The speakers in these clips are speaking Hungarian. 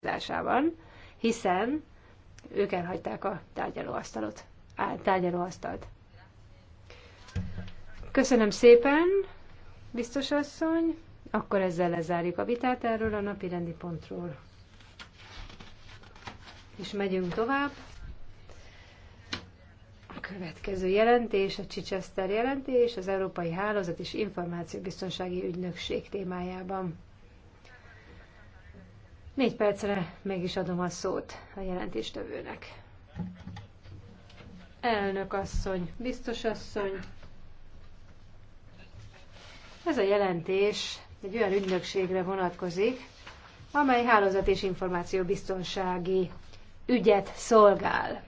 tárgyalásában, hiszen ők elhagyták a tárgyalóasztalot. Á, tárgyalóasztalt. Köszönöm szépen, biztos asszony. Akkor ezzel lezárjuk a vitát erről a napi rendi pontról. És megyünk tovább. A következő jelentés, a Chichester jelentés, az Európai Hálózat és Információbiztonsági Ügynökség témájában. Négy percre meg is adom a szót a jelentéstevőnek. Elnök asszony, biztos asszony, ez a jelentés egy olyan ügynökségre vonatkozik, amely hálózat és információ biztonsági ügyet szolgál.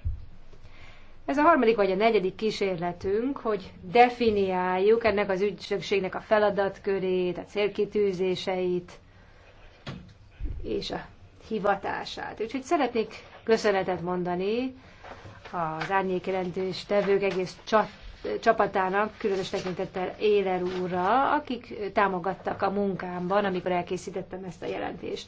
Ez a harmadik vagy a negyedik kísérletünk, hogy definiáljuk ennek az ügynökségnek a feladatkörét, a célkitűzéseit, és a hivatását. Úgyhogy szeretnék köszönetet mondani az árnyékjelentős tevők egész csat, csapatának, különös tekintettel Éler úrra, akik támogattak a munkámban, amikor elkészítettem ezt a jelentést.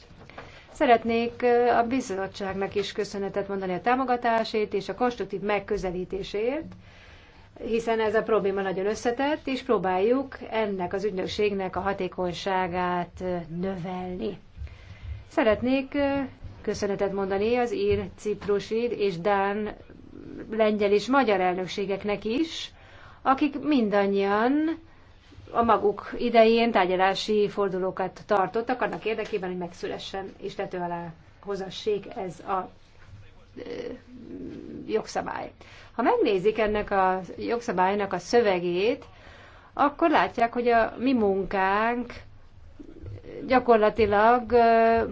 Szeretnék a bizottságnak is köszönetet mondani a támogatásért és a konstruktív megközelítésért, hiszen ez a probléma nagyon összetett, és próbáljuk ennek az ügynökségnek a hatékonyságát növelni. Szeretnék köszönetet mondani az ír, ciprusi és dán, lengyel és magyar elnökségeknek is, akik mindannyian a maguk idején tárgyalási fordulókat tartottak annak érdekében, hogy megszülessen és tető alá hozassék ez a jogszabály. Ha megnézik ennek a jogszabálynak a szövegét, akkor látják, hogy a mi munkánk gyakorlatilag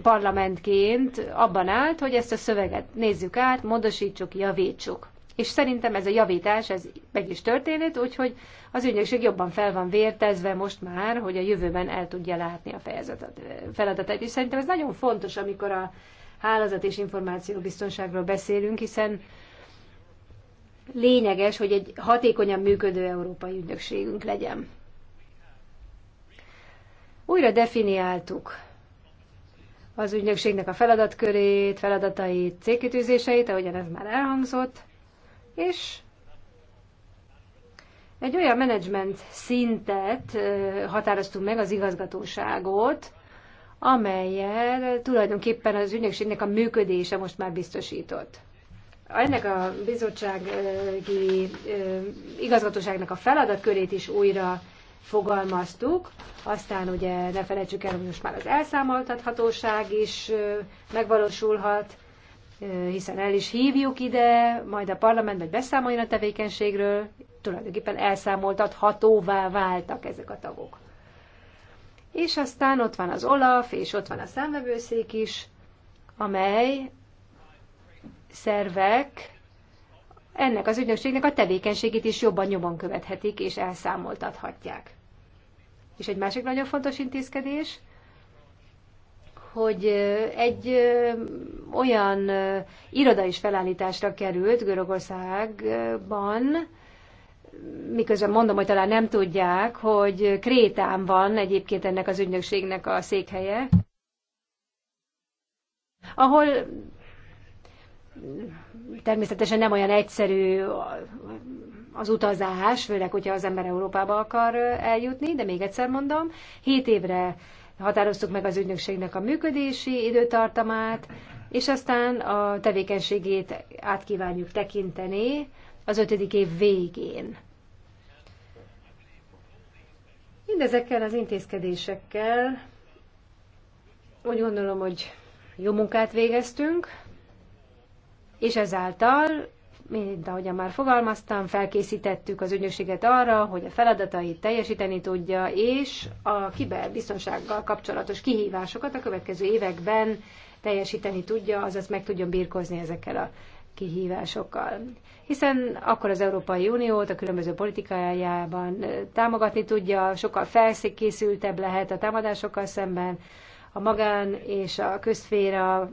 parlamentként abban állt, hogy ezt a szöveget nézzük át, módosítsuk, javítsuk. És szerintem ez a javítás, ez meg is történt, úgyhogy az ügynökség jobban fel van vértezve most már, hogy a jövőben el tudja látni a fejezetet, feladatot. És szerintem ez nagyon fontos, amikor a hálózat és biztonságról beszélünk, hiszen lényeges, hogy egy hatékonyan működő európai ügynökségünk legyen. Újra definiáltuk az ügynökségnek a feladatkörét, feladatait, cégkitűzéseit, ahogyan ez már elhangzott, és egy olyan menedzsment szintet határoztunk meg az igazgatóságot, amelyel tulajdonképpen az ügynökségnek a működése most már biztosított. Ennek a bizottsági igazgatóságnak a feladatkörét is újra fogalmaztuk. Aztán ugye ne felejtsük el, hogy most már az elszámoltathatóság is megvalósulhat, hiszen el is hívjuk ide, majd a parlament meg beszámoljon a tevékenységről, tulajdonképpen elszámoltathatóvá váltak ezek a tagok. És aztán ott van az OLAF, és ott van a számvevőszék is, amely szervek, ennek az ügynökségnek a tevékenységét is jobban nyomon követhetik és elszámoltathatják. És egy másik nagyon fontos intézkedés, hogy egy olyan iroda is felállításra került Görögországban, miközben mondom, hogy talán nem tudják, hogy Krétán van egyébként ennek az ügynökségnek a székhelye, ahol természetesen nem olyan egyszerű az utazás, főleg, hogyha az ember Európába akar eljutni, de még egyszer mondom, 7 évre határoztuk meg az ügynökségnek a működési időtartamát, és aztán a tevékenységét át kívánjuk tekinteni az ötödik év végén. Mindezekkel az intézkedésekkel úgy gondolom, hogy jó munkát végeztünk, és ezáltal, mint ahogyan már fogalmaztam, felkészítettük az ügynökséget arra, hogy a feladatait teljesíteni tudja, és a kiberbiztonsággal kapcsolatos kihívásokat a következő években teljesíteni tudja, azaz meg tudjon birkozni ezekkel a kihívásokkal. Hiszen akkor az Európai Uniót a különböző politikájában támogatni tudja, sokkal felszékészültebb lehet a támadásokkal szemben, a magán és a közféra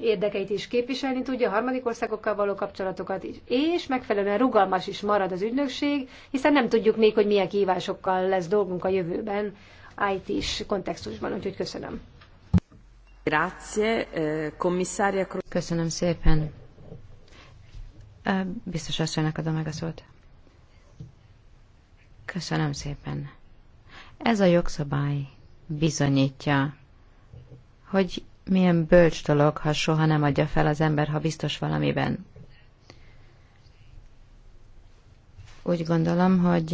érdekeit is képviselni tudja, harmadik országokkal való kapcsolatokat is, és megfelelően rugalmas is marad az ügynökség, hiszen nem tudjuk még, hogy milyen kihívásokkal lesz dolgunk a jövőben IT-s kontextusban, úgyhogy köszönöm. Grazie, eh, commissaria. Köszönöm szépen. Biztos asszonynak adom meg a szót. Köszönöm szépen. Ez a jogszabály bizonyítja, hogy milyen bölcs dolog, ha soha nem adja fel az ember, ha biztos valamiben. Úgy gondolom, hogy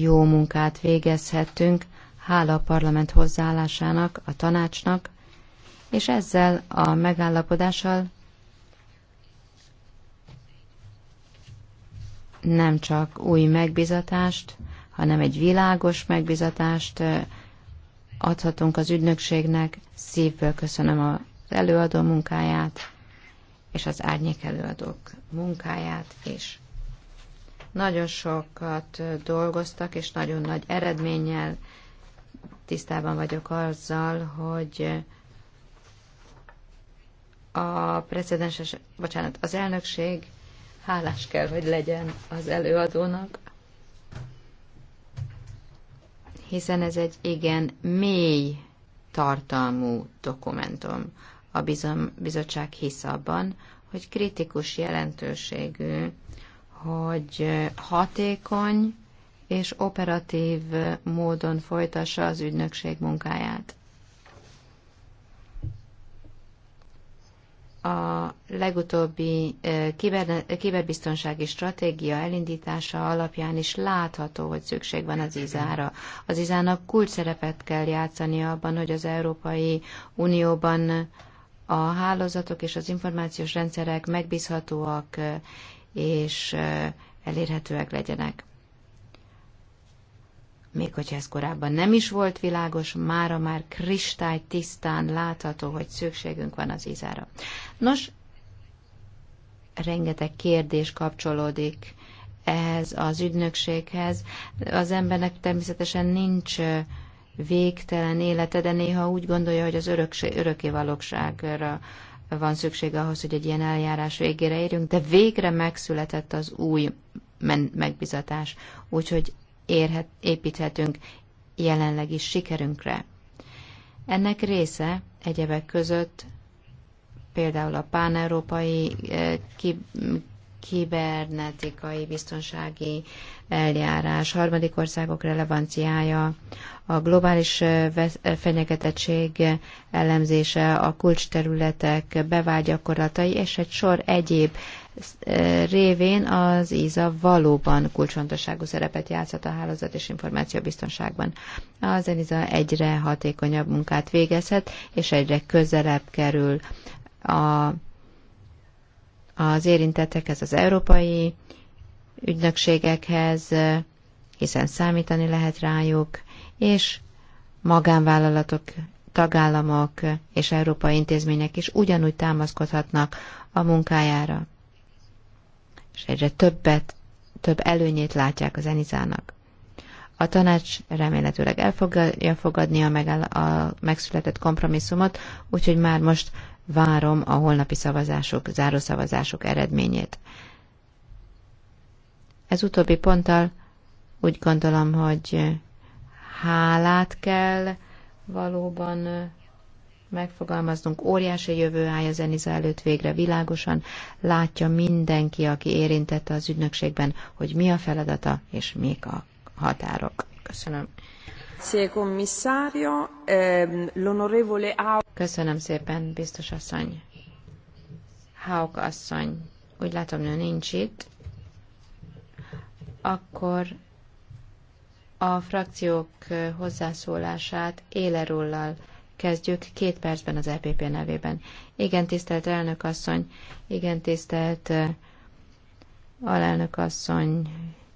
jó munkát végezhettünk, hála a parlament hozzáállásának, a tanácsnak, és ezzel a megállapodással nem csak új megbizatást, hanem egy világos megbizatást, adhatunk az ügynökségnek. Szívből köszönöm az előadó munkáját, és az árnyék előadók munkáját is. Nagyon sokat dolgoztak, és nagyon nagy eredménnyel tisztában vagyok azzal, hogy a precedenses, bocsánat, az elnökség hálás kell, hogy legyen az előadónak, hiszen ez egy igen mély tartalmú dokumentum. A bizottság hisz abban, hogy kritikus jelentőségű, hogy hatékony és operatív módon folytassa az ügynökség munkáját. a legutóbbi kiber, kiberbiztonsági stratégia elindítása alapján is látható, hogy szükség van az izára. Az izának kulcs szerepet kell játszani abban, hogy az Európai Unióban a hálózatok és az információs rendszerek megbízhatóak és elérhetőek legyenek. Még hogyha ez korábban nem is volt világos, mára már kristály tisztán látható, hogy szükségünk van az izára. Nos, rengeteg kérdés kapcsolódik ehhez az ügynökséghez. Az embernek természetesen nincs végtelen élete, de néha úgy gondolja, hogy az örökség, örökké valóságra van szükség ahhoz, hogy egy ilyen eljárás végére érjünk, de végre megszületett az új megbizatás. Úgyhogy érhet, építhetünk jelenlegi sikerünkre. Ennek része egyebek között például a páneurópai eh, kibernetikai biztonsági eljárás, harmadik országok relevanciája, a globális fenyegetettség elemzése, a kulcsterületek bevágyakorlatai és egy sor egyéb révén az ISA valóban kulcsfontosságú szerepet játszhat a hálózat és információbiztonságban. Az ENISA egyre hatékonyabb munkát végezhet, és egyre közelebb kerül a az érintettekhez, az európai ügynökségekhez, hiszen számítani lehet rájuk, és magánvállalatok, tagállamok és európai intézmények is ugyanúgy támaszkodhatnak a munkájára, és egyre többet, több előnyét látják az Enizának. A tanács remélhetőleg el fogja fogadni a, megáll- a megszületett kompromisszumot, úgyhogy már most várom a holnapi szavazások, zárószavazások eredményét. Ez utóbbi ponttal úgy gondolom, hogy hálát kell valóban megfogalmaznunk. Óriási jövő áll a zeniza előtt végre világosan. Látja mindenki, aki érintette az ügynökségben, hogy mi a feladata és mik a határok. Köszönöm. Ehm, Köszönöm szépen, biztos asszony. Hauk asszony, úgy látom, nő nincs itt. Akkor a frakciók hozzászólását élerullal kezdjük két percben az EPP nevében. Igen, tisztelt elnök asszony, igen, tisztelt eh, alelnök asszony,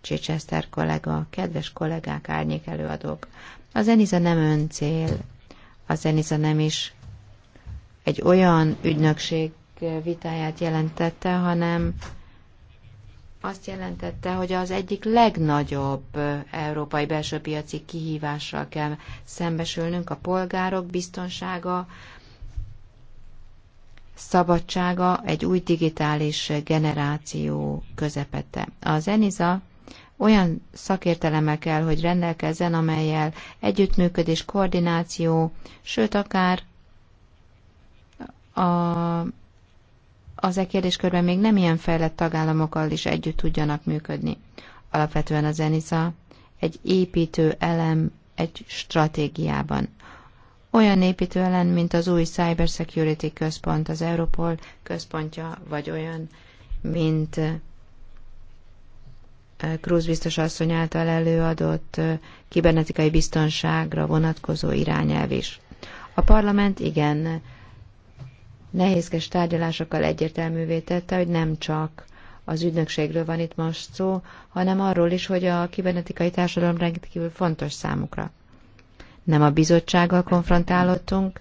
Csicseszter kollega, kedves kollégák, árnyék előadók. A zeniza nem öncél, a zeniza nem is egy olyan ügynökség vitáját jelentette, hanem azt jelentette, hogy az egyik legnagyobb európai belső piaci kihívással kell szembesülnünk, a polgárok biztonsága, szabadsága egy új digitális generáció közepette. Az Zeniza olyan szakértelemmel kell, hogy rendelkezzen, amelyel együttműködés, koordináció, sőt akár a, az e kérdéskörben még nem ilyen fejlett tagállamokkal is együtt tudjanak működni. Alapvetően a zenisza egy építő elem egy stratégiában. Olyan építő elem, mint az új Cybersecurity Központ, az Europol központja, vagy olyan, mint Krúz biztos asszony által előadott kibernetikai biztonságra vonatkozó irányelv is. A parlament igen nehézkes tárgyalásokkal egyértelművé tette, hogy nem csak az ügynökségről van itt most szó, hanem arról is, hogy a kibernetikai társadalom rendkívül fontos számukra. Nem a bizottsággal konfrontálottunk,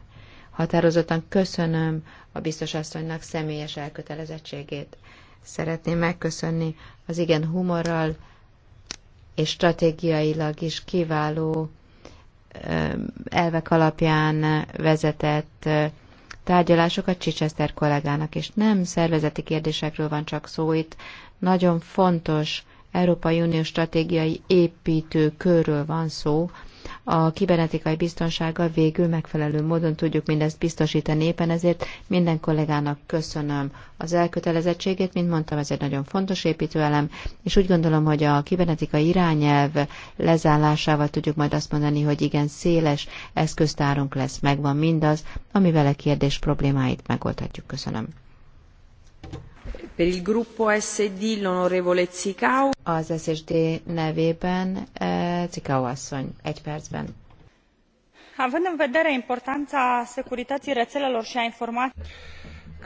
határozottan köszönöm a biztos asszonynak személyes elkötelezettségét. Szeretném megköszönni az igen humorral és stratégiailag is kiváló elvek alapján vezetett tárgyalásokat Csicseszter kollégának, és nem szervezeti kérdésekről van csak szó itt, nagyon fontos Európai Unió stratégiai építő körről van szó, a kibernetikai biztonsággal végül megfelelő módon tudjuk mindezt biztosítani. Éppen ezért minden kollégának köszönöm az elkötelezettségét, mint mondtam, ez egy nagyon fontos építőelem, és úgy gondolom, hogy a kibernetikai irányelv lezárásával tudjuk majd azt mondani, hogy igen, széles eszköztárunk lesz, megvan mindaz, ami vele kérdés problémáit megoldhatjuk. Köszönöm. Az SSD nevében eh, Cikau asszony, egy percben. Având în vedere importanța securității rețelelor și a informației.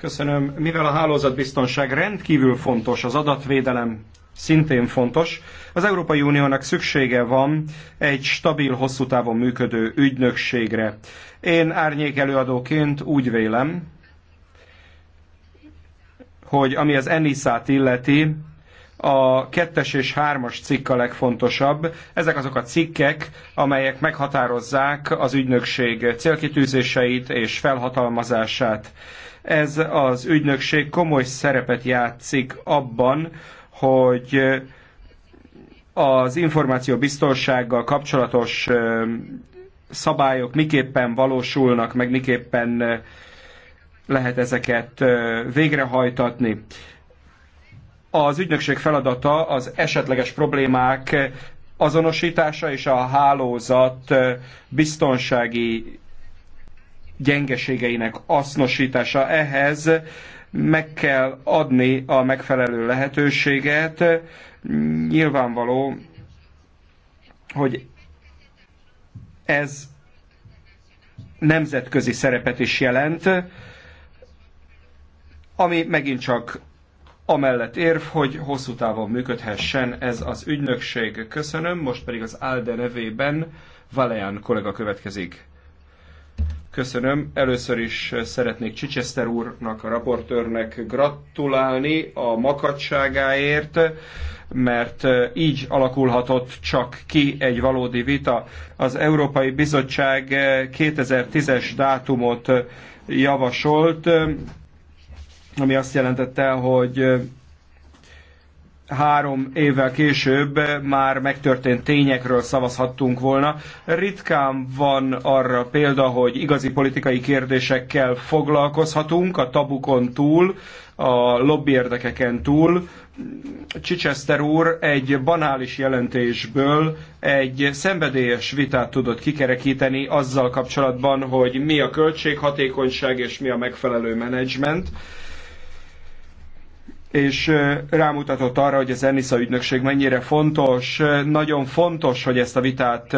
Köszönöm. Mivel a hálózatbiztonság rendkívül fontos, az adatvédelem szintén fontos, az Európai Uniónak szüksége van egy stabil, hosszú távon működő ügynökségre. Én árnyék előadóként úgy vélem, hogy ami az Eniszát illeti, a kettes és hármas cikk a legfontosabb. Ezek azok a cikkek, amelyek meghatározzák az ügynökség célkitűzéseit és felhatalmazását. Ez az ügynökség komoly szerepet játszik abban, hogy az információ biztonsággal kapcsolatos szabályok miképpen valósulnak, meg miképpen lehet ezeket végrehajtatni. Az ügynökség feladata az esetleges problémák azonosítása és a hálózat biztonsági gyengeségeinek hasznosítása. Ehhez meg kell adni a megfelelő lehetőséget. Nyilvánvaló, hogy ez nemzetközi szerepet is jelent, ami megint csak amellett érv, hogy hosszú távon működhessen ez az ügynökség. Köszönöm, most pedig az ALDE nevében Valean, kollega következik. Köszönöm. Először is szeretnék Csicseszter úrnak, a raportőrnek gratulálni a makadságáért, mert így alakulhatott csak ki egy valódi vita. Az Európai Bizottság 2010-es dátumot javasolt, ami azt jelentette, hogy három évvel később már megtörtént tényekről szavazhattunk volna. Ritkán van arra példa, hogy igazi politikai kérdésekkel foglalkozhatunk, a tabukon túl, a érdekeken túl. Chichester úr egy banális jelentésből egy szenvedélyes vitát tudott kikerekíteni azzal kapcsolatban, hogy mi a költséghatékonyság és mi a megfelelő menedzsment és rámutatott arra, hogy az ENISZA ügynökség mennyire fontos. Nagyon fontos, hogy ezt a vitát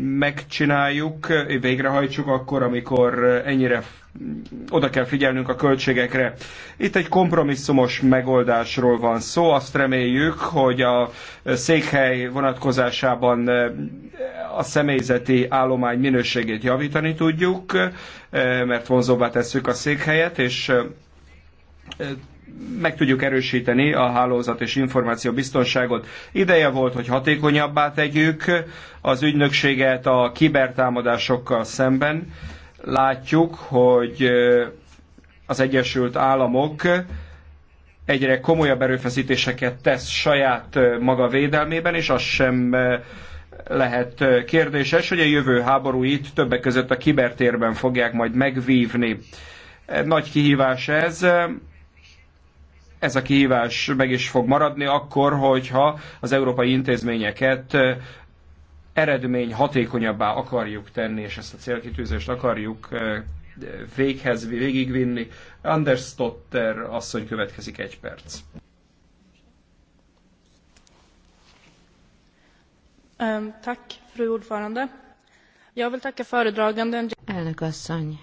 megcsináljuk, végrehajtsuk akkor, amikor ennyire oda kell figyelnünk a költségekre. Itt egy kompromisszumos megoldásról van szó, azt reméljük, hogy a székhely vonatkozásában a személyzeti állomány minőségét javítani tudjuk, mert vonzóbbá tesszük a székhelyet, és meg tudjuk erősíteni a hálózat és információ biztonságot. Ideje volt, hogy hatékonyabbá tegyük az ügynökséget a kibertámadásokkal szemben. Látjuk, hogy az Egyesült Államok egyre komolyabb erőfeszítéseket tesz saját maga védelmében, és az sem lehet kérdéses, hogy a jövő háborúit többek között a kibertérben fogják majd megvívni. Nagy kihívás ez, ez a kihívás meg is fog maradni akkor, hogyha az európai intézményeket eredmény hatékonyabbá akarjuk tenni, és ezt a célkitűzést akarjuk véghez, végigvinni. Anders Stotter asszony következik egy perc. Um, tack, fru ordförande. Jag vill tacka föredraganden. Elnök asszony,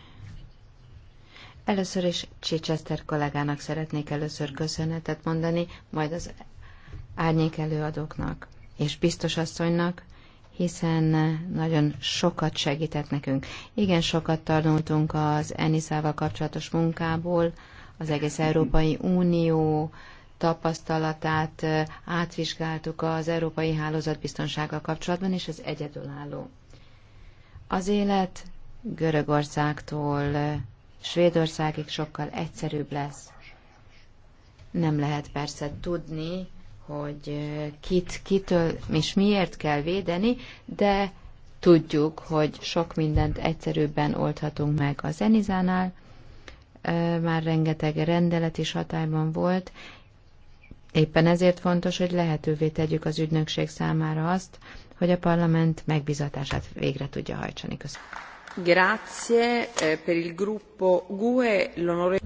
Először is Chichester kollégának szeretnék először köszönetet mondani, majd az árnyék előadóknak és biztos asszonynak, hiszen nagyon sokat segített nekünk. Igen, sokat tanultunk az Enisával kapcsolatos munkából, az egész Európai Unió tapasztalatát átvizsgáltuk az Európai Hálózat biztonsággal kapcsolatban, és ez egyedülálló. Az élet Görögországtól Svédországig sokkal egyszerűbb lesz. Nem lehet persze tudni, hogy kit, kitől és miért kell védeni, de tudjuk, hogy sok mindent egyszerűbben oldhatunk meg a Zenizánál. Már rengeteg rendelet is hatályban volt. Éppen ezért fontos, hogy lehetővé tegyük az ügynökség számára azt, hogy a parlament megbizatását végre tudja hajtsani. Köszönöm. Eh,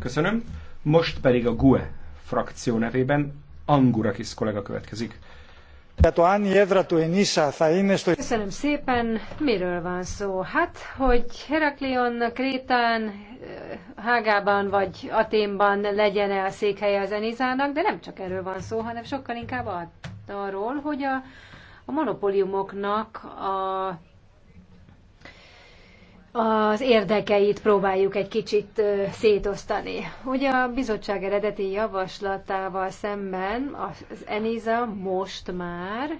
Köszönöm. Most pedig a GUE frakció nevében Angurakis kollega következik. Köszönöm szépen. Miről van szó? Hát, hogy Heraklion, Krétán, eh, Hágában vagy Aténban legyen-e a székhelye az Enizának, de nem csak erről van szó, hanem sokkal inkább arról, hogy a, a monopóliumoknak a az érdekeit próbáljuk egy kicsit szétosztani. Ugye a bizottság eredeti javaslatával szemben az ENISA most már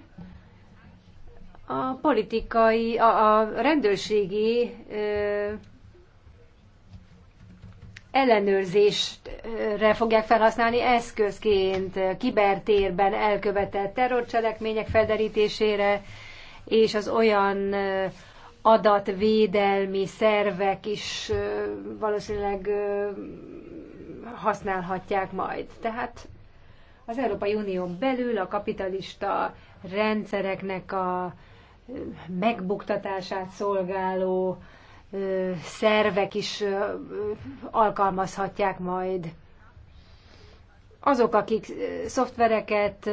a politikai, a, a rendőrségi ö, ellenőrzésre fogják felhasználni eszközként kibertérben elkövetett terrorcselekmények felderítésére, és az olyan adatvédelmi szervek is valószínűleg használhatják majd. Tehát az Európai Unión belül a kapitalista rendszereknek a megbuktatását szolgáló szervek is alkalmazhatják majd azok, akik szoftvereket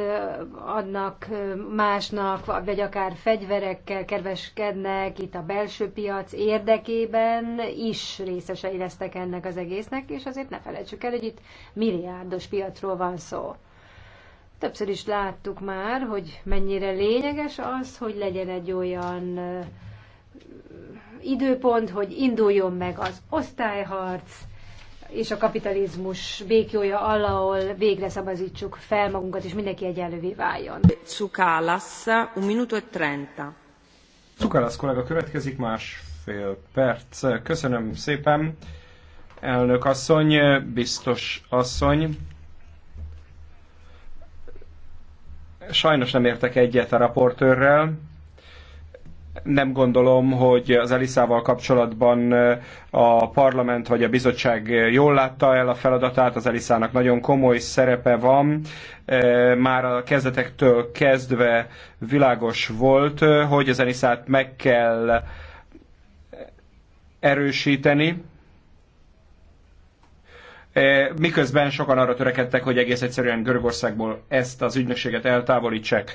adnak másnak, vagy akár fegyverekkel kedveskednek itt a belső piac érdekében, is részesei lesznek ennek az egésznek, és azért ne felejtsük el, hogy itt milliárdos piacról van szó. Többször is láttuk már, hogy mennyire lényeges az, hogy legyen egy olyan időpont, hogy induljon meg az osztályharc, és a kapitalizmus békjója alól végre szabazítsuk fel magunkat, és mindenki egyenlővé váljon. Cukálasz, un minuto e trenta. Cukálasz kollega következik másfél perc. Köszönöm szépen, elnök asszony, biztos asszony. Sajnos nem értek egyet a raportőrrel nem gondolom, hogy az Elisával kapcsolatban a parlament vagy a bizottság jól látta el a feladatát, az Elisának nagyon komoly szerepe van. Már a kezdetektől kezdve világos volt, hogy az Elisát meg kell erősíteni, miközben sokan arra törekedtek, hogy egész egyszerűen Görögországból ezt az ügynökséget eltávolítsák.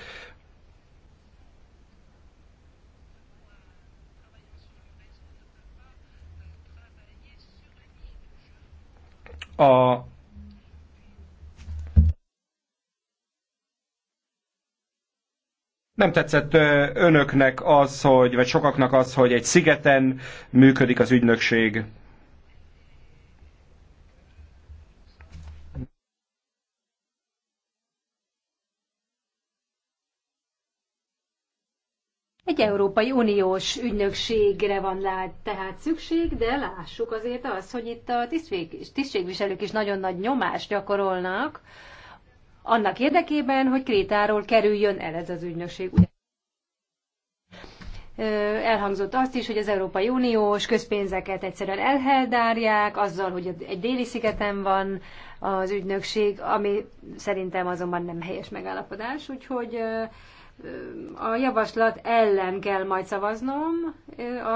a Nem tetszett önöknek az, hogy, vagy sokaknak az, hogy egy szigeten működik az ügynökség. egy Európai Uniós ügynökségre van lát, tehát szükség, de lássuk azért azt, hogy itt a tisztvég, tisztségviselők is nagyon nagy nyomást gyakorolnak, annak érdekében, hogy Krétáról kerüljön el ez az ügynökség. Elhangzott azt is, hogy az Európai Uniós közpénzeket egyszerűen elheldárják, azzal, hogy egy déli szigeten van az ügynökség, ami szerintem azonban nem helyes megállapodás, úgyhogy a javaslat ellen kell majd szavaznom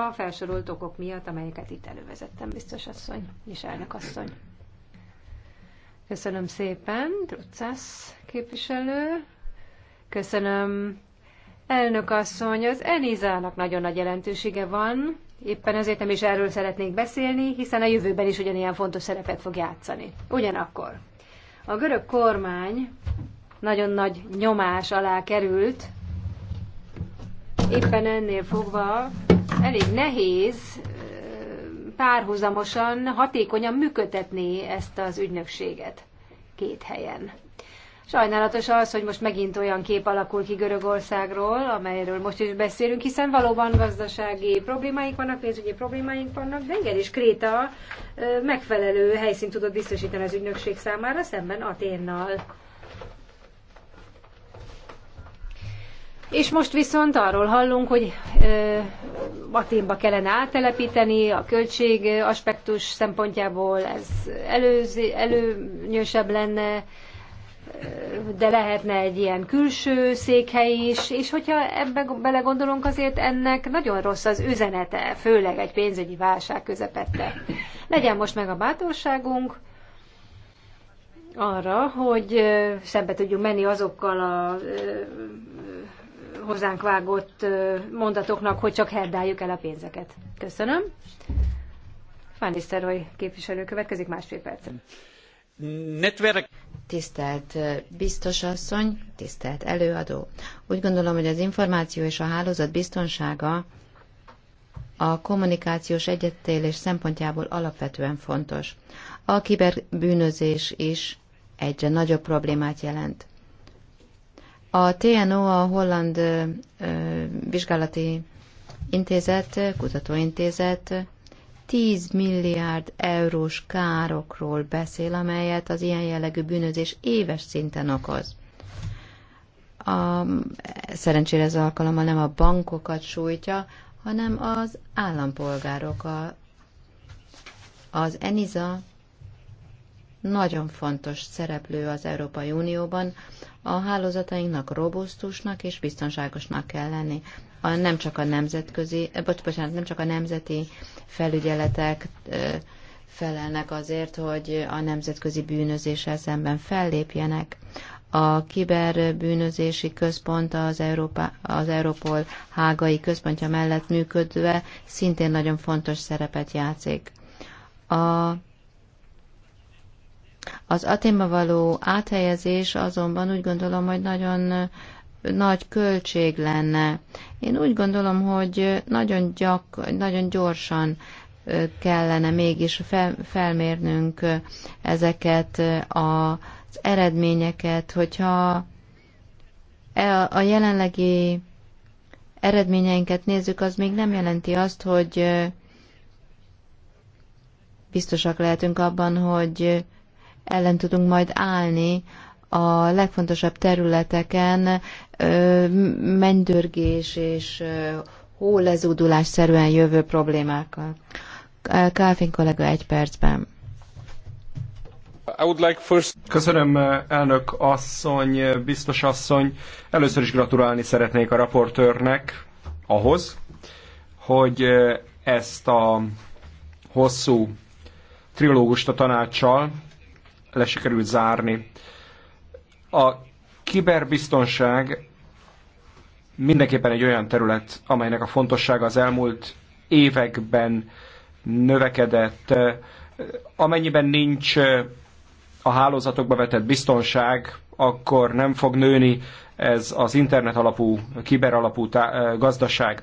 a felsorolt okok miatt, amelyeket itt elővezettem, biztos asszony és elnök asszony. Köszönöm szépen, Trucász képviselő. Köszönöm, elnök asszony. Az Enizának nagyon nagy jelentősége van, éppen ezért nem is erről szeretnék beszélni, hiszen a jövőben is ugyanilyen fontos szerepet fog játszani. Ugyanakkor a görög kormány nagyon nagy nyomás alá került. Éppen ennél fogva elég nehéz párhuzamosan, hatékonyan működtetni ezt az ügynökséget két helyen. Sajnálatos az, hogy most megint olyan kép alakul ki Görögországról, amelyről most is beszélünk, hiszen valóban gazdasági problémáink vannak, pénzügyi problémáink vannak, de igenis és Kréta megfelelő helyszínt tudott biztosítani az ügynökség számára szemben Aténnal. És most viszont arról hallunk, hogy Aténba kellene áttelepíteni a költség aspektus szempontjából, ez előzi, előnyösebb lenne, de lehetne egy ilyen külső székhely is, és hogyha ebbe belegondolunk, azért ennek nagyon rossz az üzenete, főleg egy pénzügyi válság közepette. Legyen most meg a bátorságunk arra, hogy szembe tudjunk menni azokkal a hozzánk vágott mondatoknak, hogy csak herdáljuk el a pénzeket. Köszönöm. Van Nisztelrooy képviselő következik másfél percen. Network. Tisztelt biztos asszony, tisztelt előadó. Úgy gondolom, hogy az információ és a hálózat biztonsága a kommunikációs egyetélés szempontjából alapvetően fontos. A kiberbűnözés is egyre nagyobb problémát jelent. A TNO, a Holland Vizsgálati Intézet, Kutatóintézet 10 milliárd eurós károkról beszél, amelyet az ilyen jellegű bűnözés éves szinten okoz. A, szerencsére ez alkalommal nem a bankokat sújtja, hanem az állampolgárok. A, az ENISA nagyon fontos szereplő az Európai Unióban, a hálózatainknak robusztusnak és biztonságosnak kell lenni. A, nem csak a nemzetközi, eh, bocs, bocsánat, nem csak a nemzeti felügyeletek eh, felelnek azért, hogy a nemzetközi bűnözéssel szemben fellépjenek. A kiberbűnözési központ az, Európa, az Európol hágai központja mellett működve szintén nagyon fontos szerepet játszik. A az Aténba való áthelyezés azonban úgy gondolom, hogy nagyon nagy költség lenne. Én úgy gondolom, hogy nagyon, gyak, nagyon gyorsan kellene mégis fel, felmérnünk ezeket az eredményeket, hogyha e a jelenlegi eredményeinket nézzük, az még nem jelenti azt, hogy biztosak lehetünk abban, hogy ellen tudunk majd állni a legfontosabb területeken mendörgés és hólezúdulás szerűen jövő problémákkal. Kálfin kollega egy percben. Like first... Köszönöm, elnök asszony, biztos asszony. Először is gratulálni szeretnék a raportőrnek ahhoz, hogy ezt a hosszú trilógust a tanácssal le sikerült zárni. A kiberbiztonság mindenképpen egy olyan terület, amelynek a fontossága az elmúlt években növekedett. Amennyiben nincs a hálózatokba vetett biztonság, akkor nem fog nőni ez az internet alapú, kiber alapú gazdaság.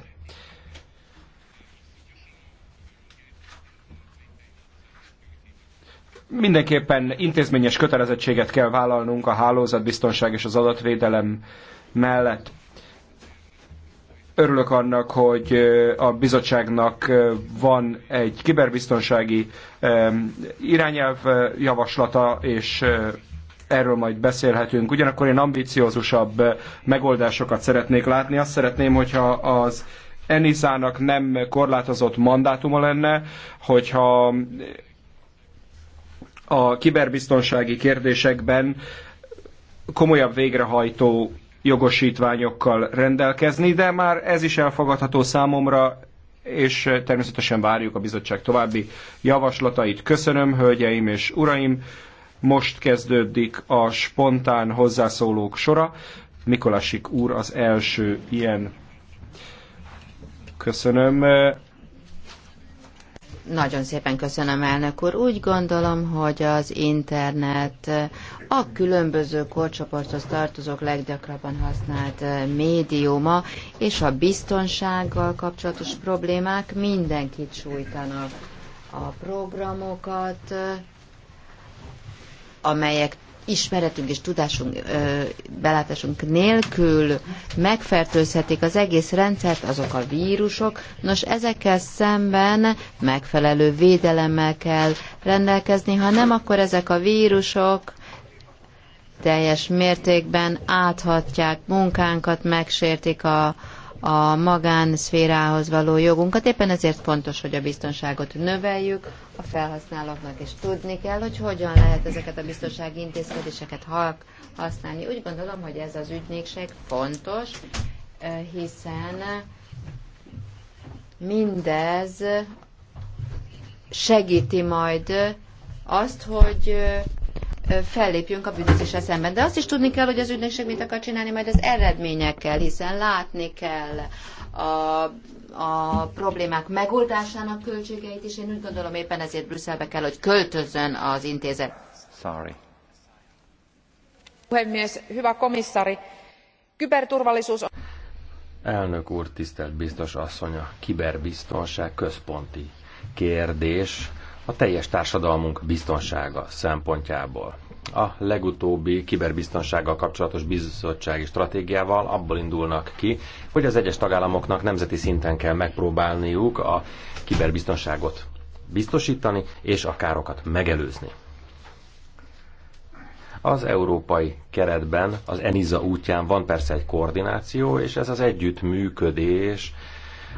mindenképpen intézményes kötelezettséget kell vállalnunk a hálózatbiztonság és az adatvédelem mellett. Örülök annak, hogy a bizottságnak van egy kiberbiztonsági irányelv javaslata, és erről majd beszélhetünk. Ugyanakkor én ambiciózusabb megoldásokat szeretnék látni. Azt szeretném, hogyha az Enisának nem korlátozott mandátuma lenne, hogyha a kiberbiztonsági kérdésekben komolyabb végrehajtó jogosítványokkal rendelkezni, de már ez is elfogadható számomra, és természetesen várjuk a bizottság további javaslatait. Köszönöm, hölgyeim és uraim! Most kezdődik a spontán hozzászólók sora. Mikolasik úr az első ilyen. Köszönöm. Nagyon szépen köszönöm, elnök úr. Úgy gondolom, hogy az internet a különböző korcsoporthoz tartozók leggyakrabban használt eh, médiuma, és a biztonsággal kapcsolatos problémák mindenkit sújtanak. A programokat, eh, amelyek ismeretünk és tudásunk, belátásunk nélkül megfertőzhetik az egész rendszert, azok a vírusok. Nos, ezekkel szemben megfelelő védelemmel kell rendelkezni, ha nem, akkor ezek a vírusok teljes mértékben áthatják munkánkat, megsértik a, a magánszférához való jogunkat. Éppen ezért fontos, hogy a biztonságot növeljük, a felhasználóknak és tudni kell, hogy hogyan lehet ezeket a biztonsági intézkedéseket használni. Úgy gondolom, hogy ez az ügynökség fontos, eh, hiszen mindez segíti majd azt, hogy eh, fellépjünk a bűnözéssel szemben. De azt is tudni kell, hogy az ügynökség mit akar csinálni majd az eredményekkel, hiszen látni kell a, a problémák megoldásának költségeit is. Én úgy gondolom éppen ezért Brüsszelbe kell, hogy költözön az intézet. Sorry. Puhemies, hyvä komissari, kyberturvallisuus on... Elnök úr, tisztelt biztos asszony, a kiberbiztonság központi kérdés a teljes társadalmunk biztonsága szempontjából. A legutóbbi kiberbiztonsággal kapcsolatos bizottsági stratégiával abból indulnak ki, hogy az egyes tagállamoknak nemzeti szinten kell megpróbálniuk a kiberbiztonságot biztosítani és a károkat megelőzni. Az európai keretben, az ENISA útján van persze egy koordináció, és ez az együttműködés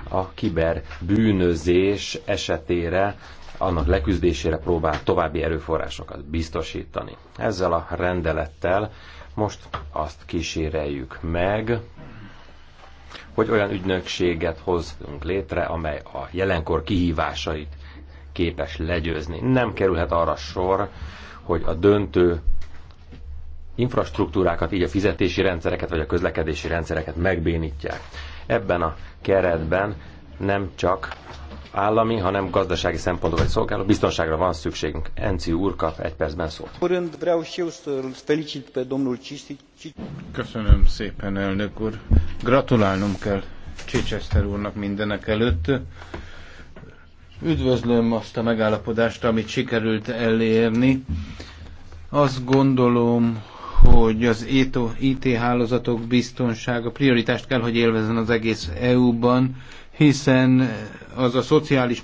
a kiberbűnözés esetére annak leküzdésére próbál további erőforrásokat biztosítani. Ezzel a rendelettel most azt kíséreljük meg, hogy olyan ügynökséget hozzunk létre, amely a jelenkor kihívásait képes legyőzni. Nem kerülhet arra sor, hogy a döntő infrastruktúrákat, így a fizetési rendszereket vagy a közlekedési rendszereket megbénítják. Ebben a keretben nem csak állami, hanem gazdasági szempontból szolgáló biztonságra van szükségünk. Enci úr kap egy percben szót. Köszönöm szépen, elnök úr. Gratulálnom kell Csicseszter úrnak mindenek előtt. Üdvözlöm azt a megállapodást, amit sikerült elérni. Azt gondolom, hogy az IT e hálózatok biztonsága prioritást kell, hogy élvezzen az egész EU-ban, hiszen az a szociális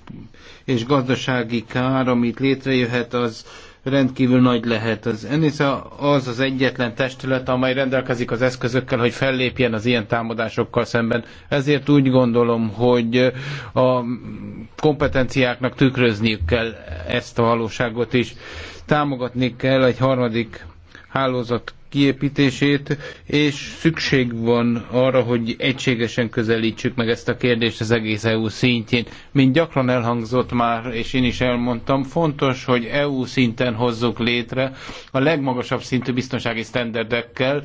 és gazdasági kár, amit létrejöhet, az rendkívül nagy lehet. Az ENISA az az egyetlen testület, amely rendelkezik az eszközökkel, hogy fellépjen az ilyen támadásokkal szemben. Ezért úgy gondolom, hogy a kompetenciáknak tükrözniük kell ezt a valóságot is. Támogatni kell egy harmadik hálózat kiépítését, és szükség van arra, hogy egységesen közelítsük meg ezt a kérdést az egész EU szintjén. Mint gyakran elhangzott már, és én is elmondtam, fontos, hogy EU szinten hozzuk létre a legmagasabb szintű biztonsági sztenderdekkel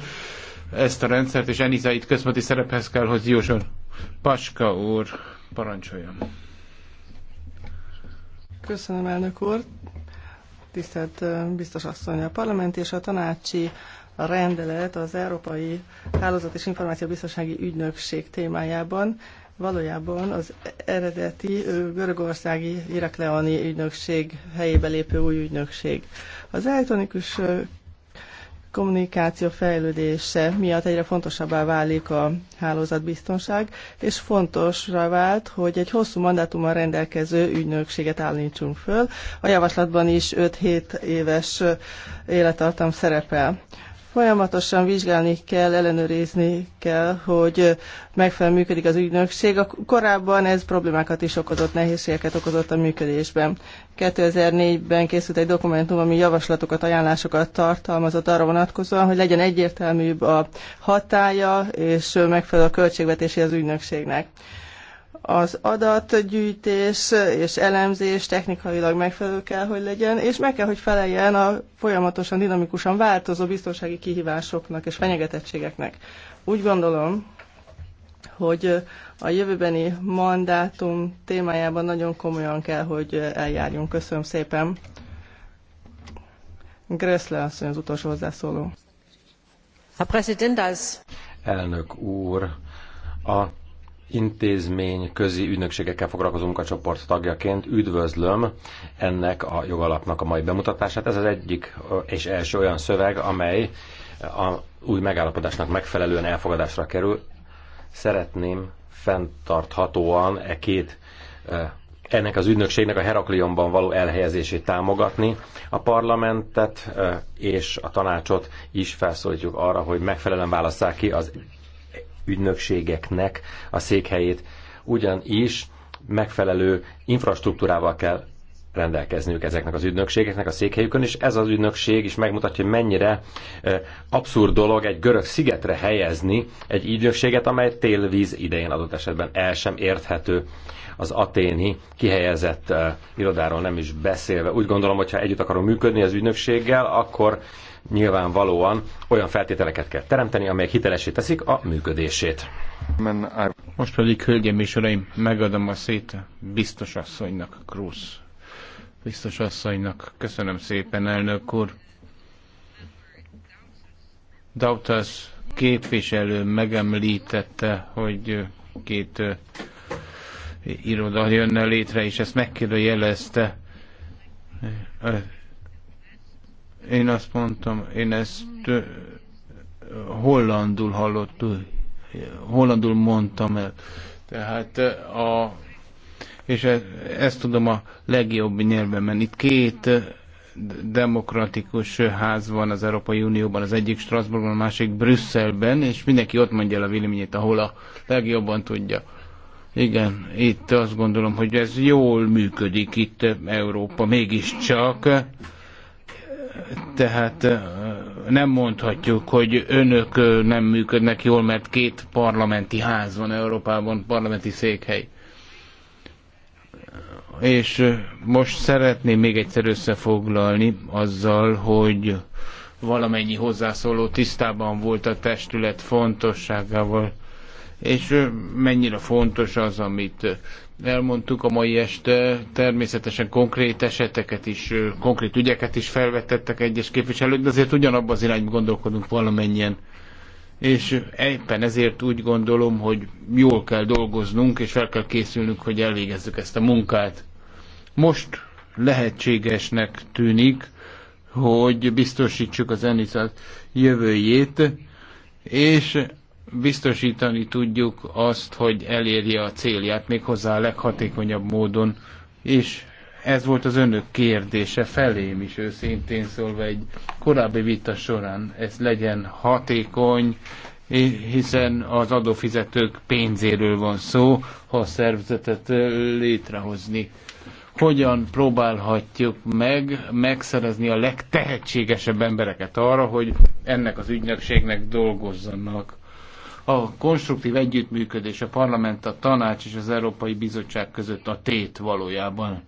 ezt a rendszert, és Eniza itt központi szerephez kell, hogy Józsor Paska úr, parancsoljon. Köszönöm, elnök úr. Tisztelt biztos asszony, a parlamenti és a tanácsi a rendelet az Európai Hálózat és Információbiztonsági Ügynökség témájában valójában az eredeti görögországi irakleani ügynökség helyébe lépő új ügynökség. Az elektronikus kommunikáció fejlődése miatt egyre fontosabbá válik a hálózatbiztonság, és fontosra vált, hogy egy hosszú mandátummal rendelkező ügynökséget állítsunk föl. A javaslatban is 5-7 éves élettartam szerepel. Folyamatosan vizsgálni kell, ellenőrizni kell, hogy megfelelően működik az ügynökség. A korábban ez problémákat is okozott, nehézségeket okozott a működésben. 2004-ben készült egy dokumentum, ami javaslatokat, ajánlásokat tartalmazott arra vonatkozóan, hogy legyen egyértelműbb a hatája és megfelelő a költségvetési az ügynökségnek az adatgyűjtés és elemzés technikailag megfelelő kell, hogy legyen, és meg kell, hogy feleljen a folyamatosan, dinamikusan változó biztonsági kihívásoknak és fenyegetettségeknek. Úgy gondolom, hogy a jövőbeni mandátum témájában nagyon komolyan kell, hogy eljárjunk. Köszönöm szépen. Gressle asszony az utolsó hozzászóló. A president az... Elnök úr, a intézmény közi ügynökségekkel foglalkozó munkacsoport tagjaként üdvözlöm ennek a jogalapnak a mai bemutatását. Ez az egyik és első olyan szöveg, amely a új megállapodásnak megfelelően elfogadásra kerül. Szeretném fenntarthatóan e két ennek az ügynökségnek a Heraklionban való elhelyezését támogatni. A parlamentet és a tanácsot is felszólítjuk arra, hogy megfelelően válasszák ki az ügynökségeknek a székhelyét. Ugyanis megfelelő infrastruktúrával kell rendelkezniük ezeknek az ügynökségeknek a székhelyükön, és ez az ügynökség is megmutatja, hogy mennyire abszurd dolog egy görög szigetre helyezni egy ügynökséget, amely télvíz idején adott esetben el sem érthető az aténi kihelyezett irodáról nem is beszélve. Úgy gondolom, hogyha együtt akarunk működni az ügynökséggel, akkor nyilvánvalóan olyan feltételeket kell teremteni, amelyek hitelesé teszik a működését. Most pedig, hölgyeim és uraim, megadom a szét biztos asszonynak, Krusz biztos asszonynak. Köszönöm szépen, elnök úr. Dautas képviselő megemlítette, hogy két iroda jönne létre, és ezt megkérdőjelezte. Én azt mondtam, én ezt hollandul hallottam, hollandul mondtam el. Tehát a és e, ezt tudom a legjobb nyelvemen. Itt két demokratikus ház van az Európai Unióban, az egyik Strasbourgban, a másik Brüsszelben, és mindenki ott mondja el a véleményét, ahol a legjobban tudja. Igen, itt azt gondolom, hogy ez jól működik itt Európa, mégiscsak. Tehát e, nem mondhatjuk, hogy önök nem működnek jól, mert két parlamenti ház van Európában, parlamenti székhely. És most szeretném még egyszer összefoglalni azzal, hogy valamennyi hozzászóló tisztában volt a testület fontosságával, és mennyire fontos az, amit elmondtuk a mai este. Természetesen konkrét eseteket is, konkrét ügyeket is felvetettek egyes képviselők, de azért ugyanabban az irányban gondolkodunk valamennyien. És éppen ezért úgy gondolom, hogy jól kell dolgoznunk, és fel kell készülnünk, hogy elvégezzük ezt a munkát. Most lehetségesnek tűnik, hogy biztosítsuk az Enisat jövőjét, és biztosítani tudjuk azt, hogy elérje a célját méghozzá a leghatékonyabb módon, és ez volt az önök kérdése felém is őszintén szólva egy korábbi vita során. Ez legyen hatékony, hiszen az adófizetők pénzéről van szó, ha a szervezetet létrehozni hogyan próbálhatjuk meg megszerezni a legtehetségesebb embereket arra, hogy ennek az ügynökségnek dolgozzanak. A konstruktív együttműködés a parlament, a tanács és az Európai Bizottság között a tét valójában.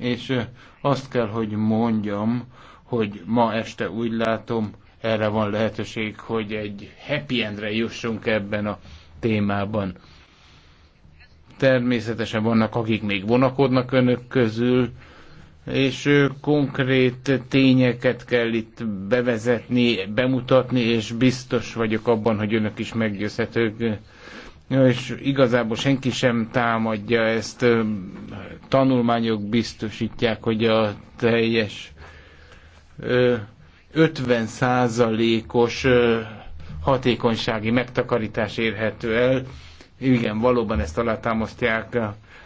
És azt kell, hogy mondjam, hogy ma este úgy látom, erre van lehetőség, hogy egy happy endre jussunk ebben a témában. Természetesen vannak, akik még vonakodnak önök közül, és konkrét tényeket kell itt bevezetni, bemutatni, és biztos vagyok abban, hogy önök is meggyőzhetők. És igazából senki sem támadja ezt, tanulmányok biztosítják, hogy a teljes 50 százalékos hatékonysági megtakarítás érhető el igen, valóban ezt alátámasztják,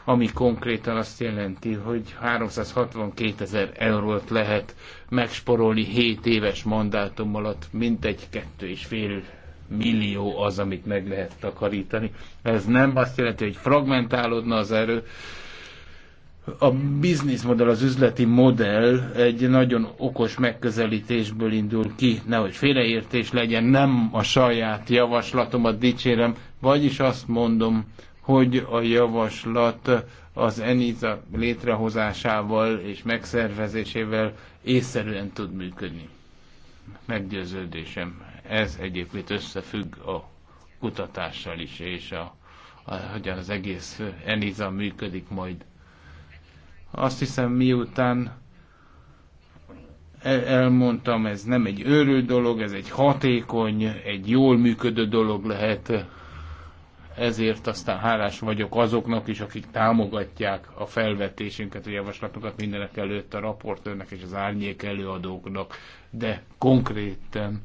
ami konkrétan azt jelenti, hogy 362 ezer eurót lehet megsporolni 7 éves mandátum alatt, mintegy kettő és fél millió az, amit meg lehet takarítani. Ez nem azt jelenti, hogy fragmentálódna az erő, a bizniszmodell, az üzleti modell egy nagyon okos megközelítésből indul ki, nehogy félreértés legyen, nem a saját javaslatomat dicsérem, vagyis azt mondom, hogy a javaslat az ENISA létrehozásával és megszervezésével észszerűen tud működni. Meggyőződésem. Ez egyébként összefügg a kutatással is, és a, a, hogyan az egész ENISA működik majd. Azt hiszem, miután elmondtam, ez nem egy őrült dolog, ez egy hatékony, egy jól működő dolog lehet, ezért aztán hálás vagyok azoknak is, akik támogatják a felvetésünket, a javaslatokat mindenek előtt a raportőrnek és az árnyék előadóknak, de konkrétan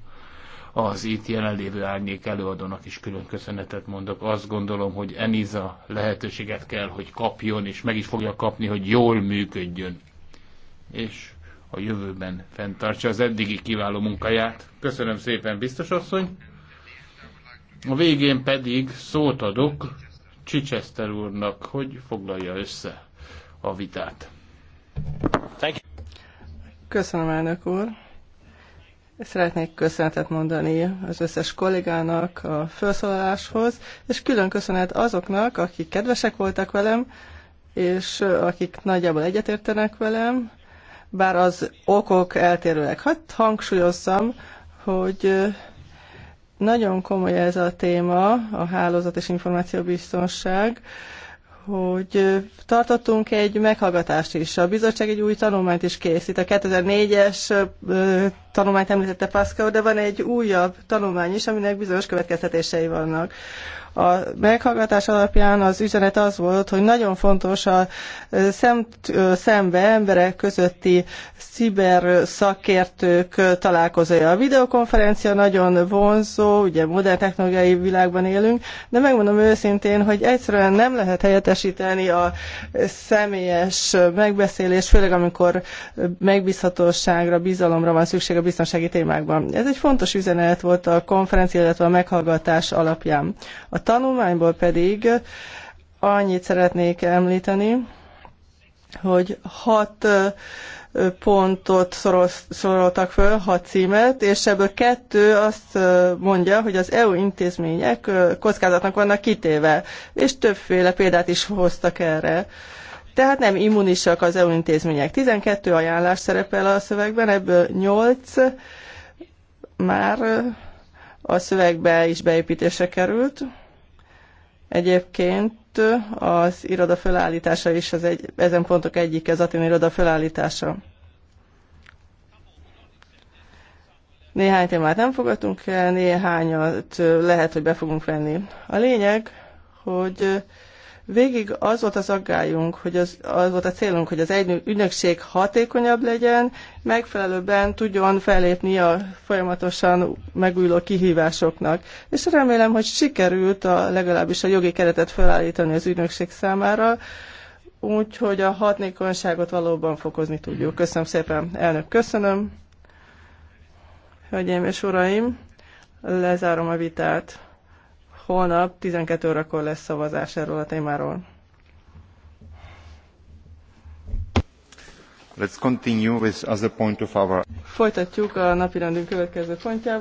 az itt jelenlévő árnyék előadónak is külön köszönetet mondok. Azt gondolom, hogy Eniza lehetőséget kell, hogy kapjon, és meg is fogja kapni, hogy jól működjön. És a jövőben fenntartsa az eddigi kiváló munkáját. Köszönöm szépen, biztos asszony! A végén pedig szót adok Csicseszter úrnak, hogy foglalja össze a vitát. Köszönöm, elnök úr. Szeretnék köszönetet mondani az összes kollégának a felszólaláshoz, és külön köszönet azoknak, akik kedvesek voltak velem, és akik nagyjából egyetértenek velem, bár az okok eltérőek. Hát hangsúlyozzam, hogy nagyon komoly ez a téma, a hálózat és információbiztonság, hogy tartottunk egy meghallgatást is. A bizottság egy új tanulmányt is készít. A 2004-es tanulmányt említette Pascal, de van egy újabb tanulmány is, aminek bizonyos következtetései vannak. A meghallgatás alapján az üzenet az volt, hogy nagyon fontos a szem, szembe emberek közötti sziber szakértők találkozója. A videokonferencia nagyon vonzó, ugye modern technológiai világban élünk, de megmondom őszintén, hogy egyszerűen nem lehet helyettesíteni a személyes megbeszélés, főleg amikor megbízhatóságra, bizalomra van szükség a biztonsági témákban. Ez egy fontos üzenet volt a konferencia, illetve a meghallgatás alapján. A tanulmányból pedig annyit szeretnék említeni, hogy hat pontot soroltak föl, hat címet, és ebből kettő azt mondja, hogy az EU intézmények kockázatnak vannak kitéve, és többféle példát is hoztak erre. Tehát nem immunisak az EU intézmények. 12 ajánlás szerepel a szövegben, ebből 8 már a szövegbe is beépítése került. Egyébként az iroda felállítása is, az egy, ezen pontok egyik, az Atén iroda felállítása. Néhány témát nem fogadtunk el, néhányat lehet, hogy be fogunk venni. A lényeg, hogy Végig az volt az aggályunk, hogy az, az volt a célunk, hogy az egy ügynökség hatékonyabb legyen, megfelelőben tudjon felépni a folyamatosan megújuló kihívásoknak. És remélem, hogy sikerült a, legalábbis a jogi keretet felállítani az ügynökség számára, úgyhogy a hatékonyságot valóban fokozni tudjuk. Köszönöm szépen, elnök, köszönöm. Hölgyeim és uraim, lezárom a vitát holnap 12 órakor lesz szavazás erről a témáról. Let's continue with other point of our... Folytatjuk a napirendünk következő pontjával.